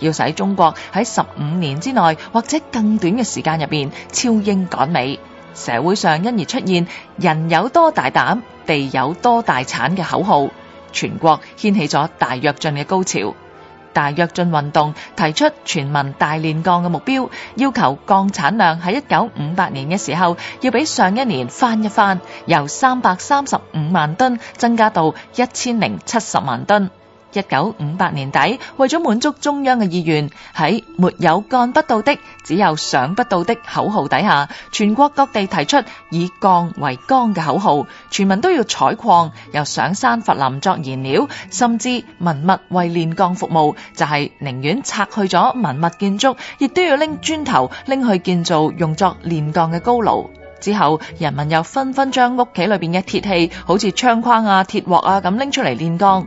要使中國喺十五年之內或者更短嘅時間入邊超英趕美，社會上因而出現人有多大膽，地有多大產嘅口號，全國掀起咗大躍進嘅高潮。大躍進運動提出全民大煉鋼嘅目標，要求鋼產量喺一九五八年嘅時候要比上一年翻一番，由三百三十五萬噸增加到一千零七十萬噸。一九五八年底，為咗滿足中央嘅意願，喺沒有幹不到的，只有想不到的口號底下，全國各地提出以鋼為綱嘅口號，全民都要採礦，又上山伐林作燃料，甚至文物為煉鋼服務，就係、是、寧願拆去咗文物建築，亦都要拎磚頭拎去建造用作煉鋼嘅高爐。之後，人民又紛紛將屋企裏邊嘅鐵器，好似窗框啊、鐵鑊啊咁拎出嚟煉鋼。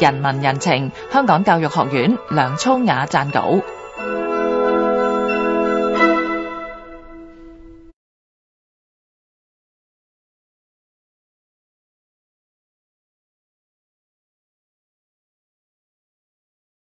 人民人情，香港教育學院梁聰雅撰稿。